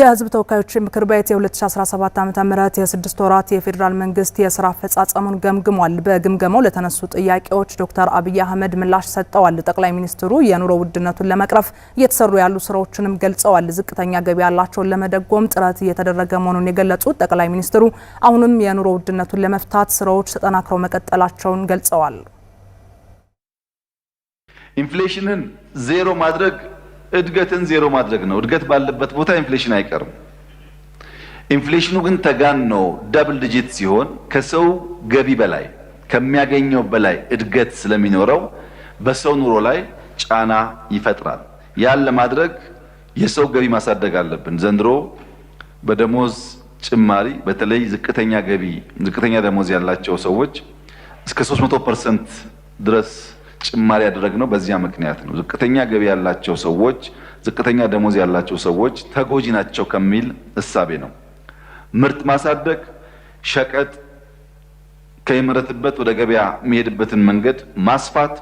የህዝብ ተወካዮች ምክር ቤት የ2017 ዓ.ም የስድስት ወራት የፌዴራል መንግስት የስራ አፈጻጸሙን ገምግሟል። በግምገማው ለተነሱ ጥያቄዎች ዶክተር አብይ አህመድ ምላሽ ሰጥተዋል። ጠቅላይ ሚኒስትሩ የኑሮ ውድነቱን ለመቅረፍ እየተሰሩ ያሉ ስራዎችንም ገልጸዋል። ዝቅተኛ ገቢ ያላቸውን ለመደጎም ጥረት እየተደረገ መሆኑን የገለጹት ጠቅላይ ሚኒስትሩ አሁንም የኑሮ ውድነቱን ለመፍታት ስራዎች ተጠናክረው መቀጠላቸውን ገልጸዋል። ኢንፍሌሽንን ዜሮ ማድረግ እድገትን ዜሮ ማድረግ ነው። እድገት ባለበት ቦታ ኢንፍሌሽን አይቀርም። ኢንፍሌሽኑ ግን ነው ደብል ዲጂት ሲሆን ከሰው ገቢ በላይ ከሚያገኘው በላይ እድገት ስለሚኖረው በሰው ኑሮ ላይ ጫና ይፈጥራል። ያን ለማድረግ የሰው ገቢ ማሳደግ አለብን። ዘንድሮ በደሞዝ ጭማሪ በተለይ ዝቅተኛ ገቢ ዝቅተኛ ደሞዝ ያላቸው ሰዎች እስከ 300 ፐርሰንት ድረስ ጭማሪ ያደረግነው በዚያ ምክንያት ነው። ዝቅተኛ ገቢ ያላቸው ሰዎች፣ ዝቅተኛ ደሞዝ ያላቸው ሰዎች ተጎጂ ናቸው ከሚል እሳቤ ነው። ምርት ማሳደግ ሸቀጥ ከሚመረትበት ወደ ገበያ የሚሄድበትን መንገድ ማስፋት፣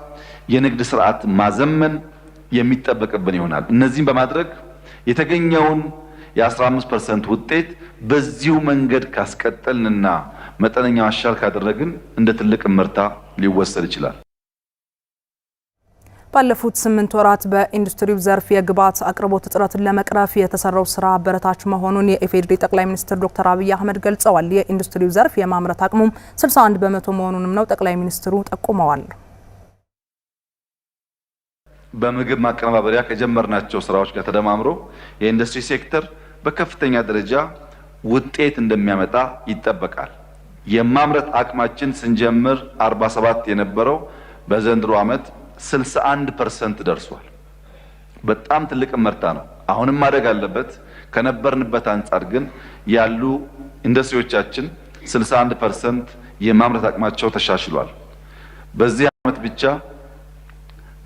የንግድ ስርዓት ማዘመን የሚጠበቅብን ይሆናል። እነዚህም በማድረግ የተገኘውን የ15 ፐርሰንት ውጤት በዚሁ መንገድ ካስቀጠልንና መጠነኛ አሻር ካደረግን እንደ ትልቅ ምርታ ሊወሰድ ይችላል። ባለፉት ስምንት ወራት በኢንዱስትሪው ዘርፍ የግብዓት አቅርቦት እጥረትን ለመቅረፍ የተሰራው ስራ አበረታች መሆኑን የኢፌዴሪ ጠቅላይ ሚኒስትር ዶክተር አብይ አህመድ ገልጸዋል። የኢንዱስትሪው ዘርፍ የማምረት አቅሙም 61 በመቶ መሆኑንም ነው ጠቅላይ ሚኒስትሩ ጠቁመዋል። በምግብ ማቀነባበሪያ ከጀመርናቸው ስራዎች ጋር ተደማምሮ የኢንዱስትሪ ሴክተር በከፍተኛ ደረጃ ውጤት እንደሚያመጣ ይጠበቃል። የማምረት አቅማችን ስንጀምር 47 የነበረው በዘንድሮ ዓመት 61 ፐርሰንት ደርሷል። በጣም ትልቅ መርታ ነው። አሁንም ማደግ አለበት። ከነበርንበት አንጻር ግን ያሉ ኢንዱስትሪዎቻችን 61 ፐርሰንት የማምረት አቅማቸው ተሻሽሏል። በዚህ ዓመት ብቻ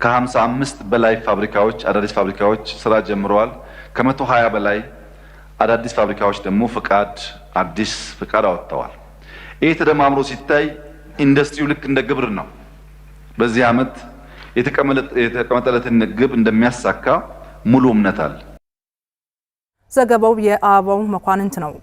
ከ55 በላይ ፋብሪካዎች አዳዲስ ፋብሪካዎች ስራ ጀምረዋል። ከ120 በላይ አዳዲስ ፋብሪካዎች ደግሞ ፍቃድ አዲስ ፍቃድ አወጥተዋል። ይህ ተደማምሮ ሲታይ ኢንዱስትሪው ልክ እንደ ግብር ነው። በዚህ ዓመት የተቀመጠለትን ግብ እንደሚያሳካ ሙሉ እምነት አለ። ዘገባው የአበባው መኳንንት ነው።